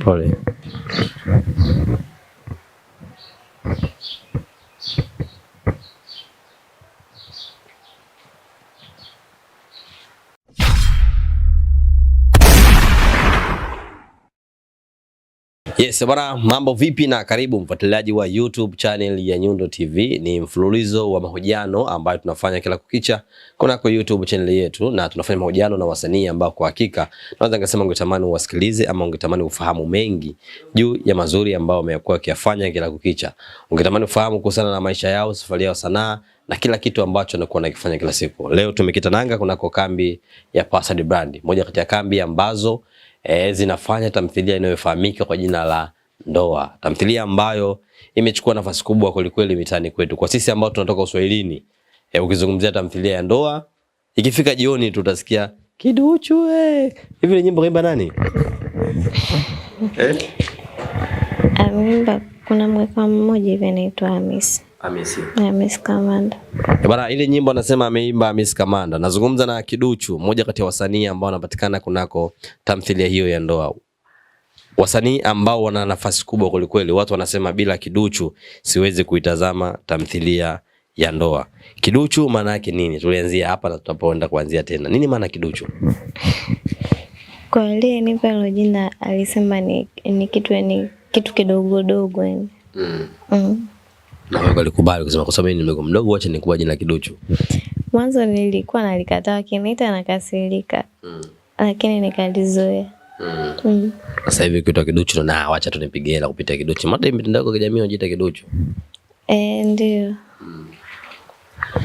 Pole. Yes, bwana mambo vipi na karibu mfuatiliaji wa YouTube channel ya Nyundo TV. Ni mfululizo wa mahojiano ambayo tunafanya kila kukicha kunako YouTube channel yetu na tunafanya mahojiano na wasanii ambao kwa hakika naweza ngasema ungetamani uwasikilize ama ungetamani ufahamu mengi juu ya mazuri ambayo wamekuwa wakiyafanya kila kukicha. Ungetamani ufahamu kuhusiana na maisha yao, safari yao, sanaa na kila kitu ambacho anakuwa anakifanya kila siku. Leo tumekita nanga kunako kambi ya Pasad Brand, moja kati ya kambi ambazo e, zinafanya tamthilia inayofahamika kwa jina la Ndoa, tamthilia ambayo imechukua nafasi kubwa kwelikweli mitaani kwetu. Kwa sisi ambao tunatoka Uswahilini, e, ukizungumzia tamthilia ya ndoa, ikifika jioni tutasikia kiduchu eh. Hivi Ni nyimbo kaimba nani? eh? Amimba, ah, kuna mweka mmoja hivi anaitwa Hamisi Hamisi. Hamisi Kamanda. Bana, ile nyimbo anasema ameimba Hamisi Kamanda. Nazungumza na Kiduchu, mmoja kati ya wasanii ambao wanapatikana kunako tamthilia hiyo ya ndoa. Wasanii ambao wana nafasi kubwa kwelikweli. Watu wanasema bila Kiduchu siwezi kuitazama tamthilia ya ndoa. Kiduchu maana yake nini? Tulianzia hapa na tutapoenda kuanzia tena. Nini maana Kiduchu? Kwa nipa ile jina alisema ni, ni kitu ni kitu kidogo dogo yani. Mm. Mm na Mungu alikubali kusema, kwa sababu mimi ni mdogo mdogo, wacha nikuwa jina kiduchu. Mwanzo nilikuwa nalikataa, akiniita nakasirika mm. lakini nikalizoea Mm. Mm. Sasa hivi ukiitwa kiduchu na wacha tunipigie hela kupitia kiduchu. Mada mitandao ya kijamii unajiita kiduchu. Eh, ndio. Mm.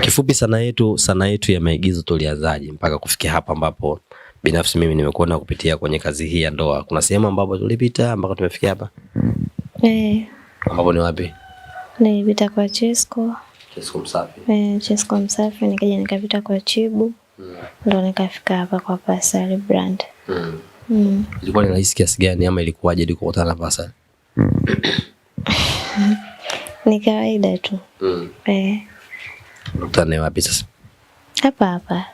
Kifupi sana yetu sana yetu ya maigizo tulianzaje mpaka kufikia hapa ambapo binafsi mimi nimekuona kupitia kwenye kazi hii ya ndoa. Kuna sehemu ambapo tulipita mpaka tumefikia hapa. Eh. Ambapo ni wapi? nilipita kwa Chesco Chesco Msafi, eh, Chesco Msafi nikaja nikapita kwa Chibu mm. Ndio nikafika hapa kwa Pasali Brand mm. mm. ilikuwa ni rahisi kiasi gani ama ilikuwaje ilikukutana na Pasali? Hmm. ni kawaida tu mm. eh. Kutana wapi sasa? Hapa hapa.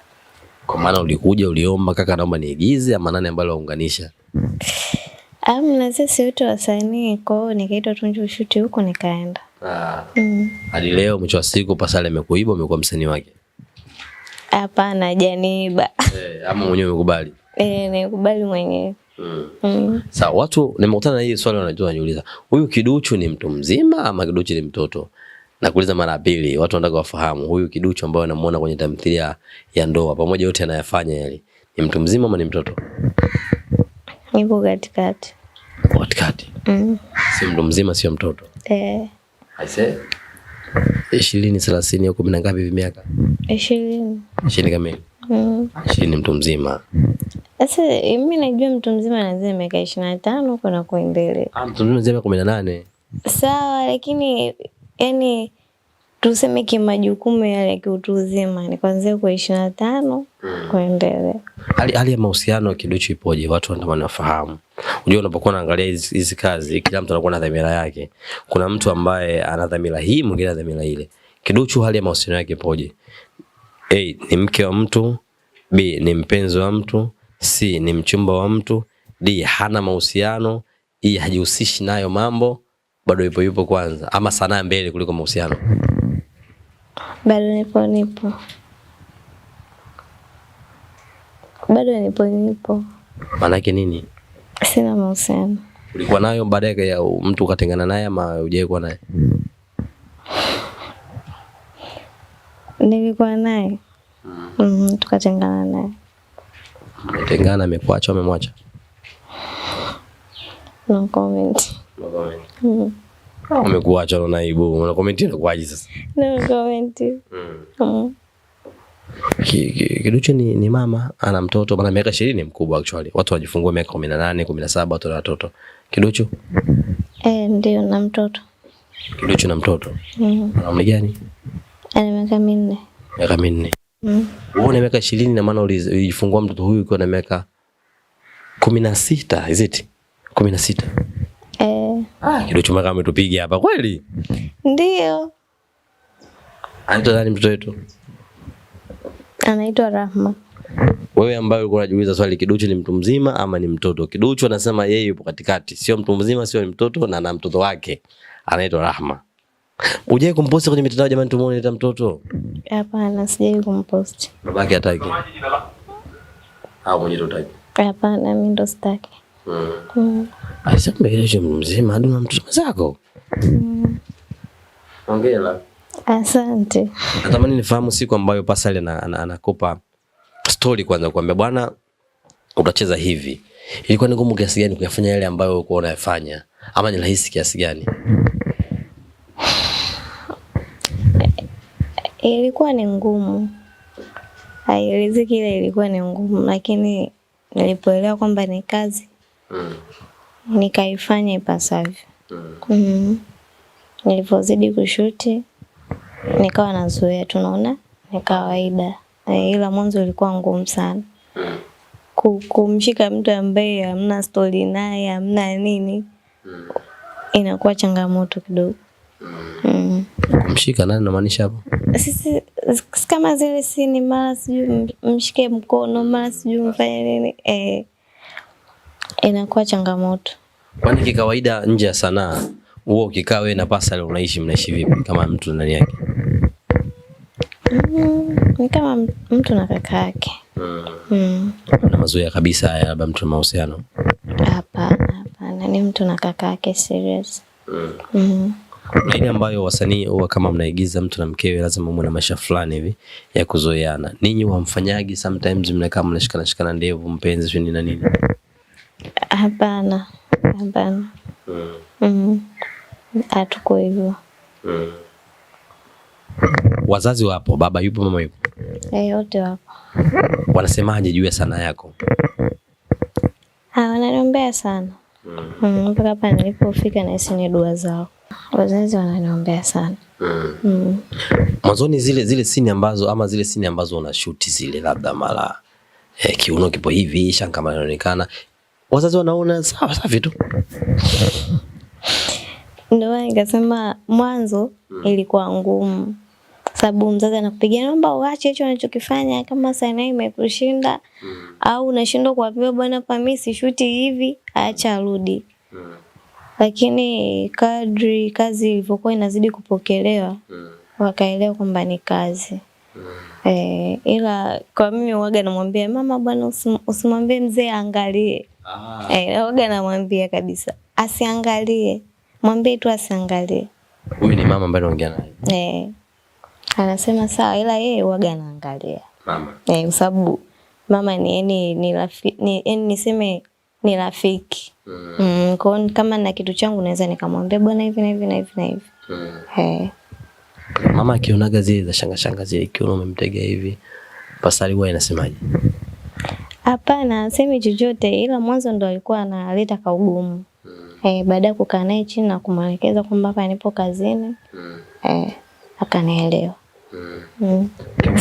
Kwa maana ulikuja uliomba, kaka, naomba niigize, ama nani ambalo waunganisha? Hmm. Amna, sisi wote wasanii, kwao nikaitwa tunje ushuti huko, nikaenda Ah. hadi leo mwisho wa siku Pasale amekuiba, umekuwa msanii wake? Hapana, janiiba. Eh, ama mwenyewe umekubali? Eh, nimekubali mwenyewe. Mm. Mm. Sawa, watu nimekutana na hii swali wanajua wanajiuliza, huyu Kiduchu ni mtu mzima ama Kiduchu ni mtoto? Nakuuliza mara pili, watu wanataka wafahamu huyu Kiduchu ambaye anamuona kwenye tamthilia ya ndoa pamoja yote anayafanya yale, ni mtu mzima ama ni mtoto? Nipo katikati. Katikati. Mm. Si mtu mzima, sio mtoto. Eh. Ishirini, thelathini au kumi na ngapi hivi miaka? Ishirini. Ishirini kamili. Mm. Ishirini mtu mzima. Sasa eh, mimi najua mtu mzima anaanzia miaka ishirini na tano kuna kwa Ah, mtu mzima miaka kumi na nane. Sawa, lakini yani tuseme kimajukumu yale kiutu uzima ni kuanzia kwa ishirini na tano mm. kuendelea. Hali ya mahusiano Kiduchu ipoje? Watu wanatamani wafahamu. Unajua, unapokuwa unaangalia hizi kazi, kila mtu anakuwa na dhamira yake. Kuna mtu ambaye ana dhamira hii, mwingine ana dhamira ile. Kiduchu, hali ya mahusiano yake ipoje? A, ni mke wa mtu, B, ni mpenzi wa mtu, C, ni mchumba wa mtu, D, hana mahusiano, E, hajihusishi nayo mambo, bado yupo yupo kwanza, ama sanaa mbele kuliko mahusiano. Bado nipo nipo, bado nipo nipo. Maanake nini? Sina mahusiano. Ulikuwa nayo baada ya mtu ukatengana naye ama hujawahi kuwa naye? Nilikuwa naye mm. Mm, tukatengana naye. Mmetengana, amekuacha amemwacha? No comment. No comment. Mm. Oh. Wamekuacha na naibu. Una comment na kwaje sasa? No comment. Hmm. Mm. ni, ni mama ana mtoto bana, miaka 20 ni mkubwa actually. Watu wajifungua miaka 18, 17 watu na watoto. Kiduchu? Eh, ndio na mtoto. Kiduchu na mtoto. Mm. Ana umri gani? Ana miaka minne. Miaka minne. Mm. Una miaka 20 na maana ulijifungua mtoto huyu ukiwa na miaka 16, is it? 16. Ah, kidogo chuma kama umetupiga hapa kweli? Ndio. Anaitwa nani mtoto wetu? Anaitwa Rahma. Wewe ambaye ulikuwa unajiuliza swali Kiduchu ni mtu mzima ama ni mtoto? Kiduchu anasema yeye yupo katikati, sio mtu mzima, sio ni mtoto na ana mtoto wake anaitwa Rahma. Ujai kumposti kwenye mitandao jamani, tumuone leta mtoto? Hapana, sijai kumposti. Babake hataki. Au mwenyewe hataki. Hapana, mimi ndo sitaki. Aisha, ah, kumbe mzima hadi na mtoto mwenzako. Hongera. Asante. Natamani nifahamu siku ambayo Pascal anakupa story kwanza kuambia bwana utacheza hivi. Ilikuwa ni ngumu kiasi gani kuyafanya yale ambayo ulikuwa unayafanya ama ni rahisi kiasi gani? Ilikuwa ni ngumu. Haielezeki ile ilikuwa ni ngumu lakini nilipoelewa kwamba ni kazi mm. nikaifanya ipasavyo mm. mm. Nilipozidi kushuti nikawa nazoea, tunaona ni kawaida e, ila mwanzo ilikuwa ngumu sana mm. kumshika mtu ambaye hamna stori naye hamna nini mm. inakuwa changamoto kidogo mm. mm. Kumshika nani namaanisha hapo? Sisi kama zile mara sijui mshike mkono mara sijui mfanye nini eh inakuwa changamoto. Kwani kikawaida nje ya sanaa huo ukikaa wewe na Pascal unaishi mnaishi vipi kama mtu ndani yake? Mm, ni kama mtu na kaka yake. Mm. Mm. Na mazoea kabisa haya labda mtu na mahusiano. Hapa, hapana, ni mtu na kaka yake serious. Mm. Mm. Na ile ambayo wasanii huwa kama mnaigiza mtu na mkewe lazima muwe na maisha fulani hivi ya kuzoeana. Ninyi wamfanyagi sometimes mnakaa mnashikana shikana ndevu mpenzi sio nini na nini? Hapana, hapana. Mm. Mm. hivyo. Mm. Wazazi wapo, baba yupo, mama yupo. Eh, wapo. Wanasemaje juu ya sanaa yako? Ah, wananiombea sana mm-hmm. mpaka hapa nilipofika, nahisi ni dua zao. Wazazi wananiombea sana. Mm. Mm. Mwanzoni zile zile sini ambazo ama zile sini ambazo unashuti zile labda mara eh, kiuno kipo hivi, shanga inaonekana, wazazi wanaona sawa safi tu. Ndio nikasema mwanzo mm. ilikuwa ngumu, sababu mzazi anakupigia naomba uache hicho unachokifanya, kama sanaa imekushinda mm. au unashindwa kuambia bwana, si shuti hivi, acha arudi mm. Lakini kadri kazi ilivyokuwa inazidi kupokelewa wakaelewa kwamba ni kazi Eh, ila kwa mimi waga namwambia mama, bwana usimwambie mzee angalie Waga ah. eh, namwambia kabisa asiangalie, mwambie tu asiangalie. Huyu ni mama ambaye anaongea naye eh, anasema sawa, ila yeye waga anaangalia mama eh, kwa sababu mama ni yani ni rafiki yani niseme ni rafiki mm. mm kwa kama na kitu changu naweza nikamwambia bwana hivi na hivi na hivi na hivi mm. eh mama akionaga zile za shanga shanga zile, kiuno umemtegea hivi pasali huwa inasemaje? Hapana, semi chochote ila mwanzo ndo alikuwa analeta kaugumu. Mm. Eh, baada ya kukaa naye chini na kumwelekeza kwamba hapa nipo kazini. Mm. Eh, akanielewa. Mm.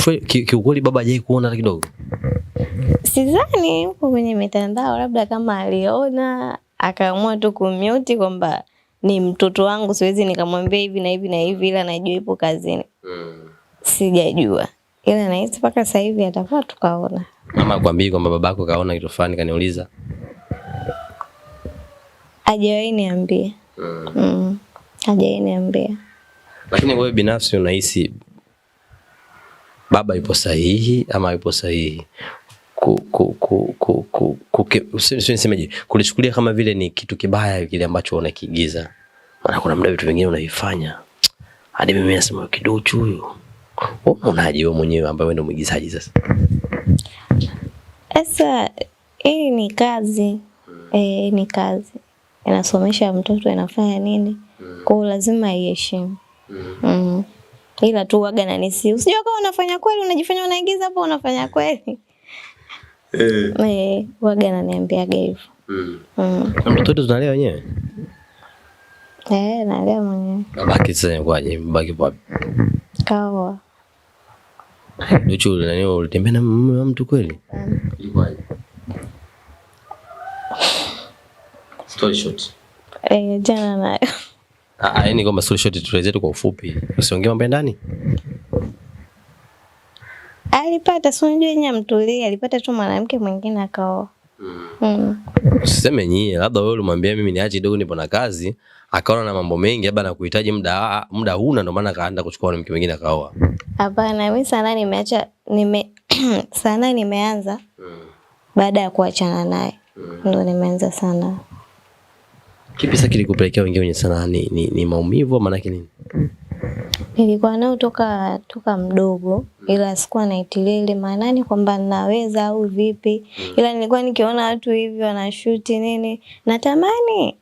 Mm. Kiukweli baba hajawahi kuona hata kidogo. Sidhani huko kwenye mitandao, labda kama aliona akaamua tu kumute kwamba ni mtoto wangu, siwezi nikamwambia hivi na hivi na hivi, ila najua ipo kazini. Mm. Sijajua, ila nahisi mpaka sasa hivi atakuwa tukaona mama akwambii kwamba babako kaona kitu fulani kaniuliza? Hajawahi niambia. Mm. Hajawahi niambia. Lakini wewe binafsi unahisi baba yupo sahihi ama yupo sahihi ku, kulichukulia kama vile ni kitu kibaya kile ambacho unakiigiza? Maana kuna muda vitu vingine unaifanya hadi mimi nasema kiduchu huyu. Unaonaje wewe mwenyewe ambaye wewe ndio mwigizaji sasa? Sasa hii ni kazi mm. E, ni kazi inasomesha mtoto inafanya nini hmm. Kwa lazima iheshimu mm. hmm. Ila tu waga na nisi usijua kama unafanya kweli, unajifanya unaingiza hapo, unafanya kweli eh, eh waga ananiambiaga hivyo mm. mm. Na mtoto tunalea wenyewe eh, nalea mwenyewe. Babake sasa kwaje? Babake wapi? kawa Duchu, nani ulitembea na mume wa mtu kweli? Eh, jana nayo. Ah, ah yaani kwamba story short tu kwa ufupi. Usiongee mambo ya ndani. Alipata, si unajua alipata tu mwanamke mwingine akaoa. Mm. Siseme nyie, labda wewe ulimwambia mimi niache kidogo, nipo na kazi, akaona na mambo mengi, labda nakuhitaji muda muda huna, ndio maana kaenda kuchukua mke mwingine akaoa. Hapana, mimi sana nimeacha nime sana nimeanza mm. baada ya kuachana naye mm. ndo nimeanza sana. Kipi sasa kilikupelekea wengi wenye sana ni, ni, ni maumivu maana nini? Nilikuwa nao toka toka mdogo ila sikuwa naitilia ile maanani kwamba naweza au vipi, ila nilikuwa nikiona watu hivi wanashuti nini natamani,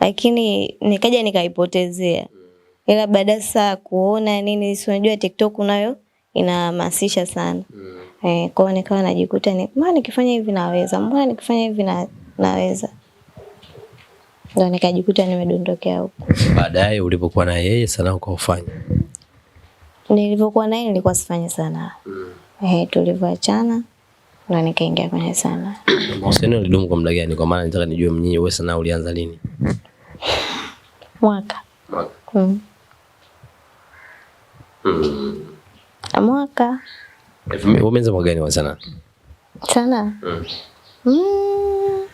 lakini nikaja nikaipotezea, ila baada sa kuona nini, si unajua TikTok nayo inahamasisha sana mm. eh, kwao nikawa najikuta ni mbona nikifanya hivi naweza, mbona nikifanya hivi na naweza ndo nikajikuta nimedondokea huko. Baadaye ulipokuwa na yeye sanaa ukaufanya? Nilivyokuwa naye nilikuwa sifanye sanaa mm. Eh, tulivyoachana ndo nikaingia kwenye sanaa. Mahusiano ulidumu kwa muda gani? Kwa maana nataka nijue mnyinyi, wewe sanaa ulianza lini? Mwaka mm. Mm. Mwaka umeanza mwaka gani wa sanaa? Sanaa mm. mm.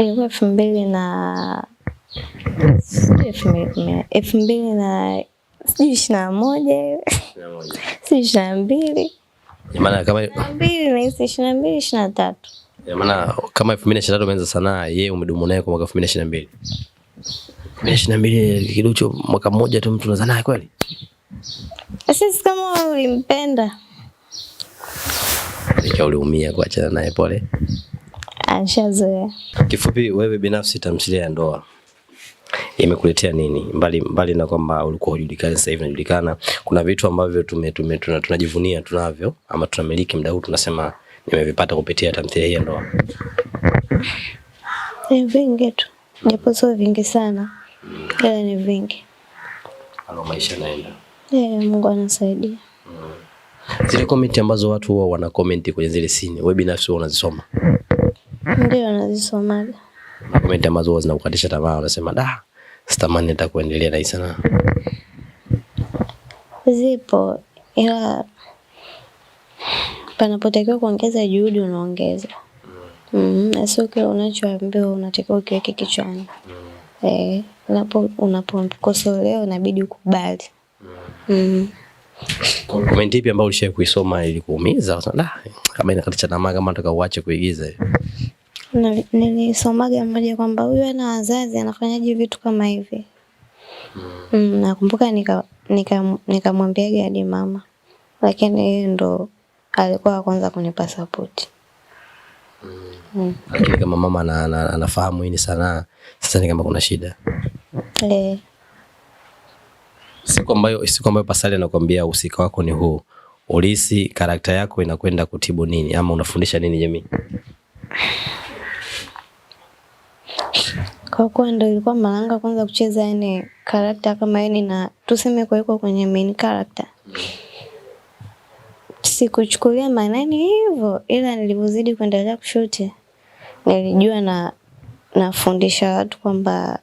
ilikuwa elfu mbili na elfu mbili na sijui ishirini na moja sijui ishirini na mbili maana kama mbili nahisi ishirini na mbili ishirini na tatu maana kama elfu mbili na ishirini na tatu umeanza sanaa, ye umedumu naye kwa mwaka elfu mbili na ishirini na mbili ishirini na mbili mwaka mmoja tu mtu unaanza naye kweli? Sisi kama ulimpenda ikiwa uliumia kuachana naye, pole. Anshazoea. Kifupi, wewe binafsi tamthilia ya ndoa imekuletea nini mbali mbali na kwamba ulikuwa hujulikani, sasa hivi unajulikana? Kuna vitu ambavyo tume, tume, tuna, tunajivunia tunavyo ama tunamiliki muda huu tunasema nimevipata kupitia tamthilia hii ya ndoa? Ni vingi tu, japo sio vingi sana, ila ni vingi. Alo, maisha naenda. Yeah, Mungu anasaidia. Mm. Zile komenti ambazo watu huwa wana komenti kwenye zile sini, wewe binafsi unazisoma? Ndio nazisomaga. Na komenti ambazo huwa zinakukatisha tamaa, unasema da, sitamani hata kuendelea na hii sanaa? Zipo, ila panapotakiwa kuongeza juhudi unaongeza. Mm, sio kile unachoambiwa unatakiwa ukiweke kichwani. E, unapo unapokosolewa inabidi ukubali. Mm. Mm-hmm. Komenti ipi ambayo ulishawahi kuisoma ilikuumiza? Unasema kama inakatisha tamaa, kama nataka uache kuigiza nilisomaga moja kwamba huyu ana wazazi anafanyaje vitu kama hivi. Hmm. Mm, nakumbuka nika nikamwambiaga nika hadi mama, lakini yeye ndo alikuwa wa kwanza kunipa sapoti. Hmm. Mm. Mm. kama mama na, na, anafahamu hii ni sanaa, sasa ni kama kuna shida eh. Siku ambayo siku ambayo Pasali anakuambia uhusika wako ni huu, ulisi karakta yako inakwenda kutibu nini ama unafundisha nini jamii? Kwa kuwa ndo ilikuwa mara yangu ya kwanza kucheza yani karakta kama yani, na tuseme kuwekwa kwenye main character, sikuchukulia maanani hivyo, ila nilivyozidi kuendelea kushuti nilijua na nafundisha watu kwamba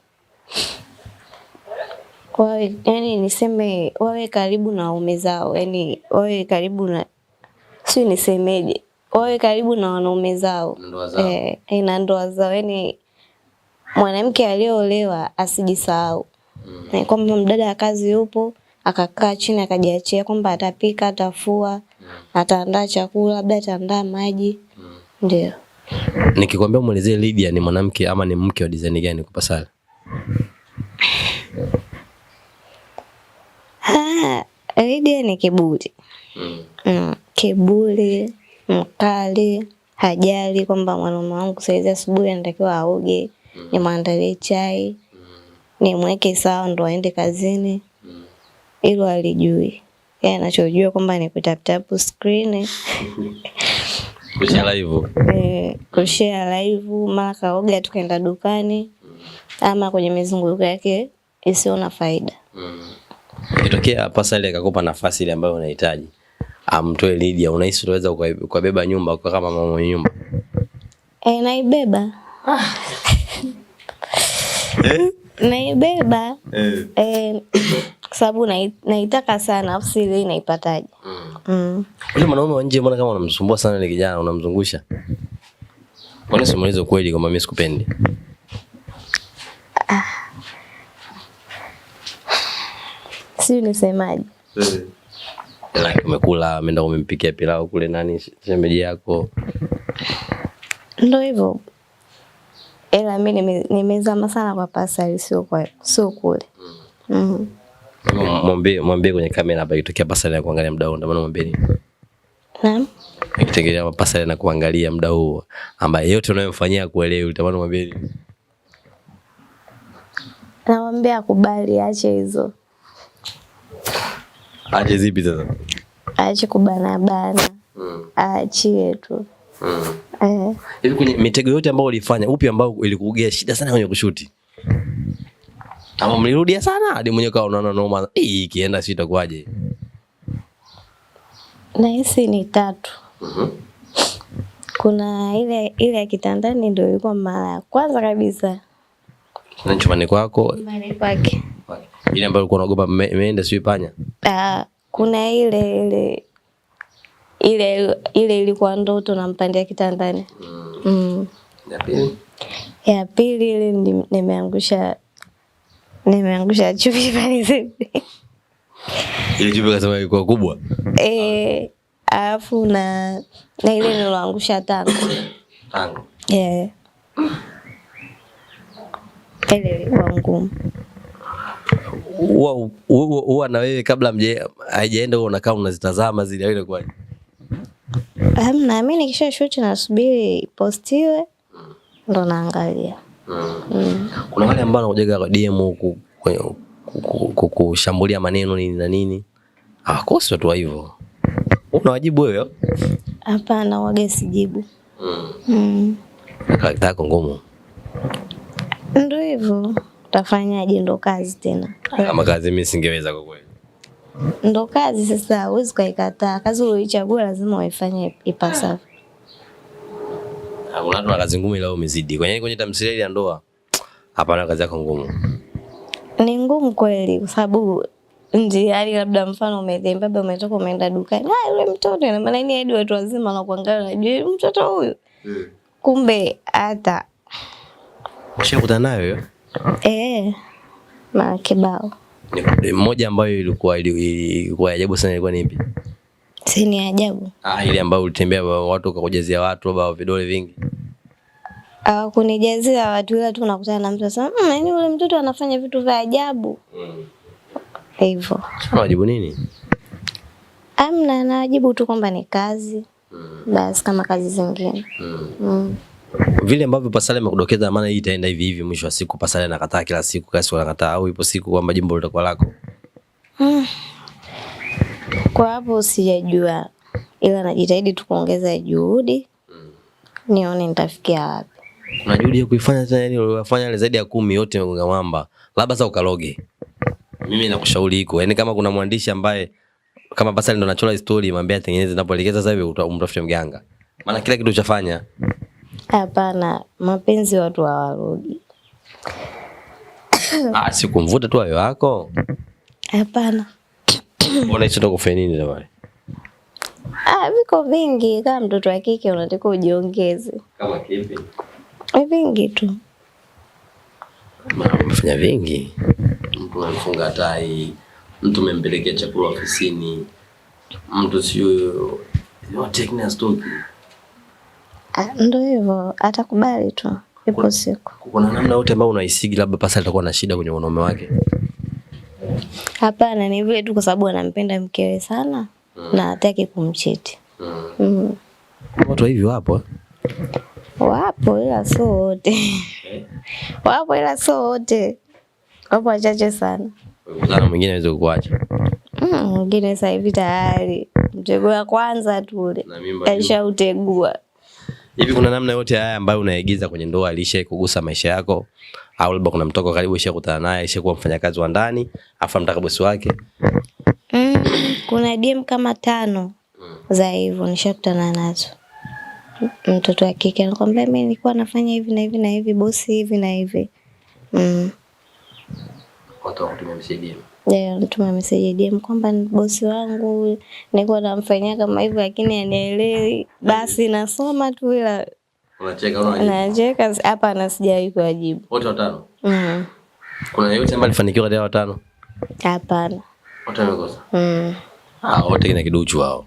wawe yani, niseme wawe karibu na waume zao, yani wawe karibu na sio, nisemeje, wawe karibu na wanaume zao, eh, eh, na ndoa zao yani mwanamke aliyeolewa asijisahau mm. kwamba mdada wa kazi yupo, akakaa chini akajiachia kwamba atapika, atafua, mm. ataandaa chakula, labda ataandaa maji mm. ndio. Nikikwambia mwelezee Lydia ni mwanamke ama ni mke wa design gani kwa sala Ah, Lydia ni kiburi mm. mm. kiburi mkali, hajali kwamba mwanaume wangu saizi asubuhi anatakiwa aoge nimwandalie chai nimweke sawa ndo aende kazini, hilo alijui. Yeye Yeah, anachojua kwamba ni kutaptapu screen kushare live eh, kushare live, mara kaoga tukaenda dukani ama kwenye mizunguko yake isiyo na faida. Ikitokea ile ikakupa nafasi ile ambayo unahitaji amtoe Lydia, unahisi utaweza ukabeba nyumba kwa kama mama nyumba? Eh, naibeba ah. Eh? naibeba eh. eh. kwa sababu naitaka sana afu sili naipataje? Mm. Ule mwanaume wa nje mbona kama unamsumbua sana ile kijana unamzungusha? Mbona simuulize kweli kwamba mimi sikupendi? Ah. Sio nisemaje? Eh. Yaani umekula, ameenda umempikia pilau kule nani shemeji yako. Ndio hivyo ila mi nimezama sana kwa pasali, sio kwa sio kule. mm -hmm. Mwambie kwenye kamera hapa, ikitokea pasali ya kuangalia muda huu, ndio maana mwambie nini? Naam, ikitokea pasali na kuangalia muda huu, ambaye yote unayomfanyia kuelewi, ndio maana mwambie nini? Namwambia akubali, ache hizo. Ache zipi sasa? Ache kubana bana, mm. Aachie tu. Mm. Hivi kwenye mitego yote ambayo ulifanya, upi ambao ilikugea shida sana kwenye kushuti? Ama mlirudia sana hadi mwenyewe kawa unaona noma, hii ikienda si itakuwaje? hizi ni tatu. Mm -hmm. Kuna ile ile ya kitandani ndio ilikuwa mara ya kwanza kabisa. Na chumbani kwako? Chumbani kwake. Ile ambayo ulikuwa unaogopa imeenda sio ipanya? Ah, kuna ile ile ile ile ilikuwa ndoto nampandia kitandani. mm. Mm. ya pili ya pili ile nimeangusha nimeangusha chupi pale zipi. ile chupi kasema ilikuwa kubwa eh, alafu na na ile niloangusha tango tango eh, ile ilikuwa ngumu huwa na wewe kabla haijaenda, huwa unakaa unazitazama zile, au inakuwaje? na mimi nikisha shoot nasubiri ipostiwe ndo naangalia. Mm. Kuna wale ambao wanakujaga kwa DM huku kukushambulia maneno nini na nini. Hawakosi ah, watu wa hivyo. wajibu wewe? Hapana, waga sijibu. Mm. Mm. Karakta yako ngumu. Ndio hivyo. Utafanyaje? Ndo kazi tena. Kama kazi mimi singeweza kwa ndo kazi sasa, huwezi ukaikataa. Kazi uliyoichagua lazima uifanye ipasavyo. Kuna watu kazi ngumu ila umezidi kwenye kwenye tamthilia ya ndoa. Hapana, kazi yako ngumu ni ngumu kweli, kwa sababu njiani, labda mfano umetembea, baba umetoka, umeenda dukani, ah, yule mtoto ina maana nini? Hadi watu wazima na kuangalia, najua mtoto huyu mm. Kumbe hata ushakutana nayo eh, mara kibao mmoja ambayo ilikuwa ilikuwa ajabu sana ilikuwa ni ipi? Si ni ajabu. Ah, ile ambayo ulitembea watu wakakujazia watu baba vidole vingi. Ah, kunijazia watu ila tu nakutana na mtu sasa, "Mmm, yani yule mtoto anafanya vitu vya ajabu." Mm. Hivyo. ajabu nini? Amna, ah, ajabu tu kwamba ni kazi. Mm. Basi kama kazi zingine. Mm. Mm vile ambavyo Pasale amekudokeza, maana hii itaenda hivi hivi, mwisho wa siku Pasale anakataa kila siku, kasi wanakataa, au ipo siku kwamba jimbo litakuwa lako? Hmm. Kwa hapo sijajua, ila najitahidi tu kuongeza juhudi hmm. nione nitafikia wapi. Kuna juhudi ya kuifanya tena, yani uliyofanya ile zaidi ya kumi yote umegonga mwamba, labda sasa ukaloge. Mimi nakushauri iko, yani kama kuna mwandishi ambaye kama Pasale ndo anachora story, mwambie atengeneze, napoelekeza sasa hivi, umtafute mganga, maana kila kitu uchafanya Hapana, mapenzi watu hawarudi. Ah, si kumvuta tu ayo wako? Hapana. Mbona hicho ndo kufanya nini jamani? Ah, viko vingi kama mtoto wa kike unataka ujiongeze. Kama kipi? Vingi tu. Mama amefanya vingi. Mtu amemfunga tai, mtu amempelekea chakula ofisini, mtu sio yote kinastoki. stoki. Ah, ndo hivyo, atakubali tu, ipo siku. Kuna namna yote ambayo unaisigi labda Pasa atakuwa na shida kwenye wanaume wake? Hapana, ni vile tu kwa sababu anampenda mkewe sana mm. na hataki kumchiti mm. mm. Watu hivi wapo eh? wapo, ila sio wote eh? wapo, ila sio wote, wapo wachache sana. Sana mwingine aweze kukuacha mm, mwingine mm, sasa hivi tayari mtego kwanza tu ule Hivi kuna namna yote haya ambayo unaigiza kwenye ndoa ilishai kugusa maisha yako, au labda kuna mtoko karibu ishakutana naye ishakuwa mfanyakazi wa ndani afa mtakabosi bosi wake? Mm, kuna DM kama tano za hivyo nishakutana nazo. Mtoto wa kike anakwambia mimi nilikuwa nafanya hivi na hivi na hivi, bosi hivi na hivi. Mm. Watu kutumia msaidizi. Yeah, alituma message DM kwamba bosi wangu nilikuwa namfanyia kama hivyo, lakini anielewi. Basi nasoma tu, ila unacheka au unacheka? Hapa na sijawahi kujibu. Wote watano? Mm. Kuna yote ambaye alifanikiwa kati ya watano? Hapana, wote wamekosa. Mm. Ah, wote ina kiduchu wao.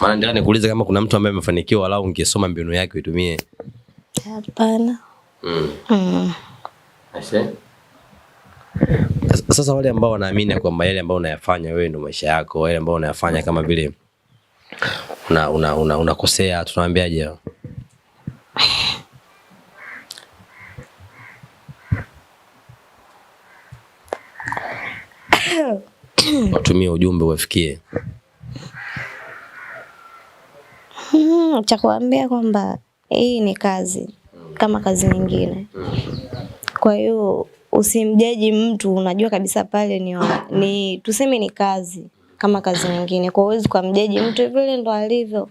Maana ndio nikuuliza kama kuna mtu ambaye amefanikiwa, walau ungesoma mbinu yake uitumie. Hapana. Mm. Mm. Asante. Sasa wale ambao wanaamini kwamba yale ambayo unayafanya wewe ndio maisha yako, yale ambayo unayafanya kama vile una una unakosea, una tunawaambiaje? watumie ujumbe uwafikie, hmm, cha kuambia kwamba hii ni kazi kama kazi nyingine, kwa hiyo usimjaji mtu, unajua kabisa pale ni, wa, ni tuseme ni kazi kama kazi nyingine, kwa uwezi kwa mjaji mtu vile ndo alivyo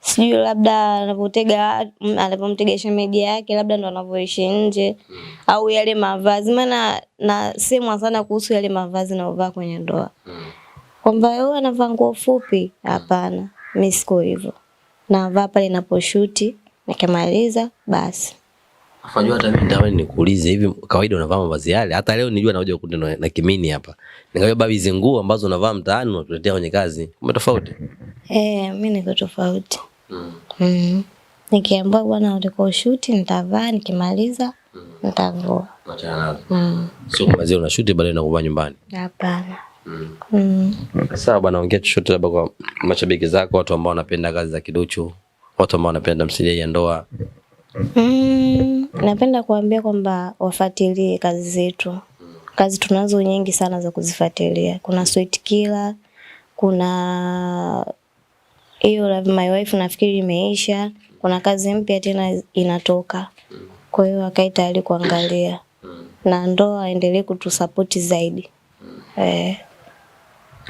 sijui labda anapotega anapomtega shemeji yake, labda ndo anavyoishi nje mm. au yale mavazi, maana nasemwa sana kuhusu yale mavazi naovaa kwenye ndoa mm. kwamba yeye anavaa nguo fupi. Hapana, mimi siko hivyo, navaa pale naposhuti, nikimaliza basi Unajua hata mimi nitamani nikuulize hivi, kawaida unavaa mavazi yale? Hata leo nilijua nakuja kukuta na, na kimini hapa. Nikamwambia babi, hizi nguo ambazo unavaa mtaani unatuletea kwenye kazi, kumbe tofauti. Eh, mimi niko tofauti. Mm. Mm. Nikiambiwa bwana ulikuwa ushuti nitavaa, nikimaliza mm. nitavua. nazo. Mm. Sio kumalizia una shuti baadaye nakuvaa nyumbani. Hapana. Mm. Mm. Sawa bwana, ongea chochote labda kwa mashabiki zako, watu ambao wanapenda kazi za Kiduchu, watu ambao wanapenda tamthilia ya ndoa. Mm, napenda kuambia kwamba wafuatilie kazi zetu. Kazi tunazo nyingi sana za kuzifuatilia. Kuna Sweet Killer, kuna hiyo Love My Wife nafikiri imeisha, kuna kazi mpya tena inatoka. Kwa hiyo wakae tayari kuangalia. Na ndoa aendelee kutusapoti zaidi. Eh.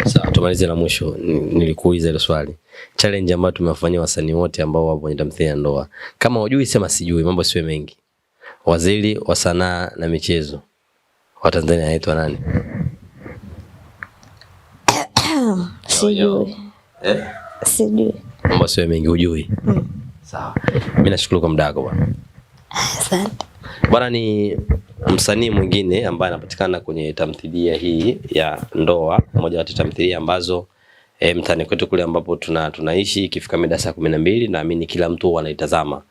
Sawa, tumalize la mwisho. Nilikuuliza ile swali, challenge ambayo tumewafanyia wasanii wote ambao wapo kwenye tamthilia ya ndoa. Kama hujui sema sijui, mambo siwe mengi. Waziri wa sanaa na michezo wa Tanzania anaitwa nani? Sijui. Eh? Sijui. Mambo siwe mengi, hujui. Hmm. Sawa. Mimi nashukuru kwa muda wako bwana. Asante. Bwana ni msanii mwingine ambaye anapatikana kwenye tamthilia hii ya ndoa, moja kati ya tamthilia ambazo e, eh, mtani kwetu kule ambapo tuna, tunaishi ikifika mida saa kumi na mbili naamini kila mtu anaitazama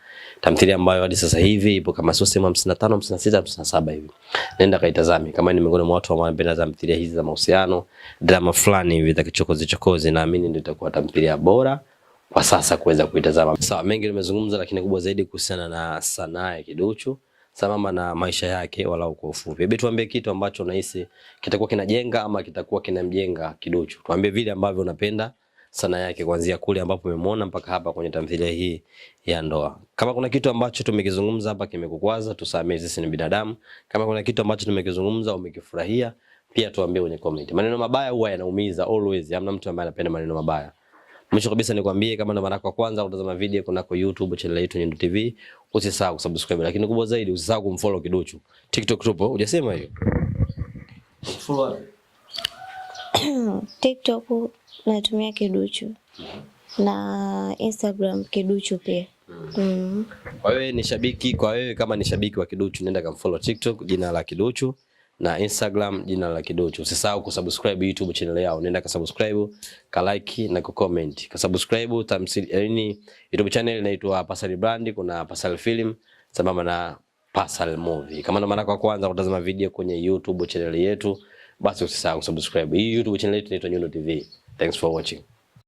tamthilia ambayo hadi sasa hivi ipo kama sio sehemu hamsini na tano hamsini na sita hamsini na saba hivi. Nenda kaitazame kama ni miongoni mwa watu ambao wanapenda tamthilia hizi za mahusiano, drama fulani hivi za kichokozi chokozi, naamini ndio itakuwa tamthilia bora kwa sasa kuweza kuitazama. Sawa, mengi nimezungumza, lakini kubwa zaidi kuhusiana na sanaa ya kiduchu sambamba na maisha yake walau kwa ufupi. Hebu tuambie kitu ambacho unahisi kitakuwa kinajenga ama kitakuwa kinamjenga Kiduchu. Tuambie vile ambavyo unapenda sana yake kuanzia kule ambapo umemwona mpaka hapa kwenye tamthilia hii ya ndoa. Kama kuna kitu ambacho tumekizungumza hapa kimekukwaza, tusamehe, sisi ni binadamu. Kama kuna kitu ambacho tumekizungumza umekifurahia, pia tuambie kwenye comment. Maneno mabaya huwa yanaumiza always, hamna mtu ambaye anapenda maneno mabaya. Mwisho kabisa nikwambie, kama ndo mara yako ya kwanza kutazama video kunako YouTube channel yetu Nyundo TV, usisahau kusubscribe, lakini kubwa zaidi usisahau kumfollow Kiduchu. TikTok tupo, hujasema hiyo? Follow TikTok natumia Kiduchu na Instagram Kiduchu pia. Mm. Kwa wewe ni shabiki, kwa wewe kama ni shabiki wa Kiduchu, nenda kamfollow TikTok jina la Kiduchu na Instagram jina la Kiduchu. Usisahau kusubscribe YouTube channel yao, nenda kasubscribe, ka like na ku comment. subscribe tamsili yani YouTube channel inaitwa Pasal Brand, kuna Pasal Film sambamba na pasal Movie. Kama ndo maana kwa kwanza kutazama video kwenye YouTube channel yetu, basi usisahau kusubscribe. Hii YouTube channel yetu inaitwa Nyundo TV. Thanks for watching.